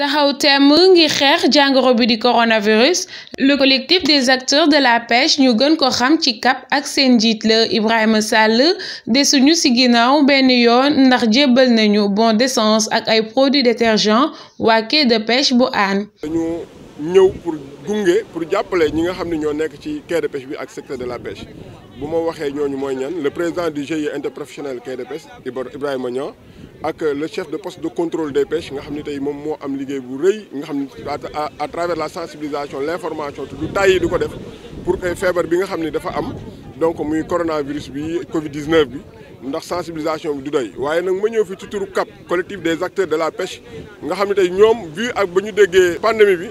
taxaw temm ngi xeex jàngoro bi di coronavirus le collectif des acteurs de la pêche ñu gën ko xam ci CAP ak seen njiit la Ibrahima Sall desuñu ci ginnaaw benn yoon ndax jébbal nañu bon d'essence ak ay produits détergents waa quai de pêche bu an Nous pour gunge pour de pêche secteur de la pêche le président du GIE interprofessionnel de pêche ak le chef de poste de contrôle des pêches nga à travers la sensibilisation l'information, du du pour que fièvre bi nga donc coronavirus Covid 19 bi. ndax sensibilisation du doy waye collectif des acteurs de la pêche nga xamni vu ak pandémie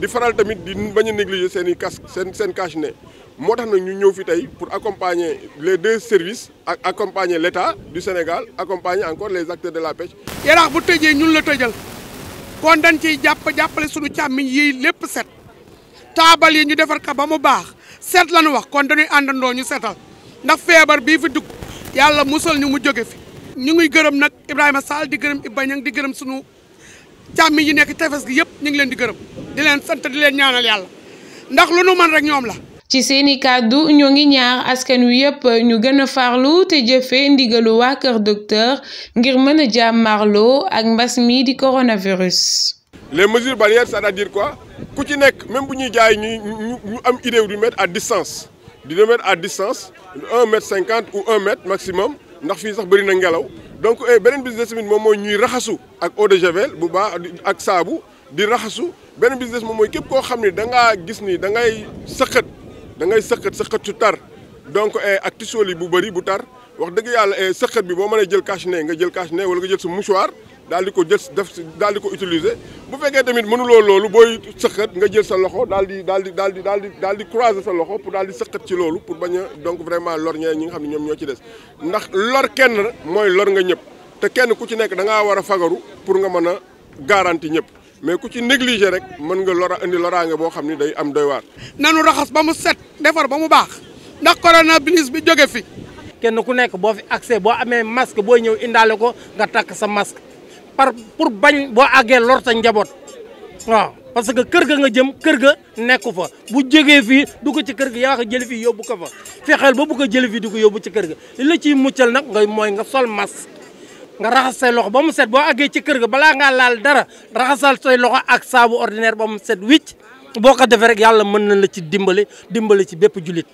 di faral tamit di bañ négliger seen casque cas seen seen cash-nez moo tax ñu ñëw fi tay pour accompagner les deux services ak accompagner l'État du Sénégal accompagner encore les acteurs de la pêche. yaraax bu tëjee ñun la tëjal kon dañ ci japp jappalé suñu chammi yi lépp set taabal yi ñu défar ka ba mu baax set lañ wax kon dañuy andando ñu sétal ndax feebar bi fi dugg yalla musal ñu mu jóge fi. ñu ngi gërëm nak Ibrahima Sall di gërëm Iba di gërëm suñu chammi yi nekk tefes gi yépp ñu ngi leen di gërëm. di leen santa di leen ñaanal yàlla ndax lu nu mën rek ñoom la. ci seeni kàddu ñoo ngi ñaar askan wi yépp ñu gën a farlu te jëfee ndigalu waa Kër Docteur ngir mën a jàmmarloo ak mbas mii di coronavirus. les mesures barrières c'est-à-dire quoi ku ci nekk même bu ñuy jaay ñu ñu am idée du mettre à distance di mettre à distance un mètre cinquante ou un mètre maximum ndax fii sax bëri na ngelaw donc eh, beneen business bi moom mooy ñuy raxasu ak eau de javel bu baax ak saabu. di raxasu benn business moom mooy képp koo xam ni da ngaa gis nii dangay ngay sëqët da ngay sëqët su tar donc eh, ak tissu yi bu bëri bu tar wax dëgg yàlla eh, sëqët bi boo mënee jël cache nga jël cache-nez wala nga jël sa mouchoir daal di ko jël def daal di ko utiliser bu fekkee tamit mënuloo loolu booy sëqët nga jël sa loxo daal di daal di daal di daal di daal di croiser sa loxo pour daal di sëqët ci loolu pour bañ a donc vraiment lor ñee ñi nga xam ne ñoom ñoo ci des ndax lor kenn mooy lor nga ñëpp te kenn ku ci nekk da war a fagaru pour nga mën a garanti ñëpp mais ku ci négliger rek man nga lora andi lora nga bo xamni day am doy war. nanu raxas ba mu set defar ba mu bax ndax coronavirus bi jóge fi. kenn ku nek bo fi accès bo amé masque bo ñew indalé ko nga tak sa masque par pour bañ bo agé lor sa njabot waaw parce que kër ga nga jëm kër ga nekku fa bu jógee fi du ko ci kër ga ya nga jël fi yobbu ko fa fexel ba bu ko jël fi du ko yobbu ci kër ga li la ci muccel nak ngay moy nga sol masque. nga raxas loxo ba mu set boo àggee ci kër ga balaa ngaa laal dara raxasal say loxo ak saabu ordinaire ba mu set wicc boo ko defee rek yàlla mën na la ci dimbali dimbali ci bépp julit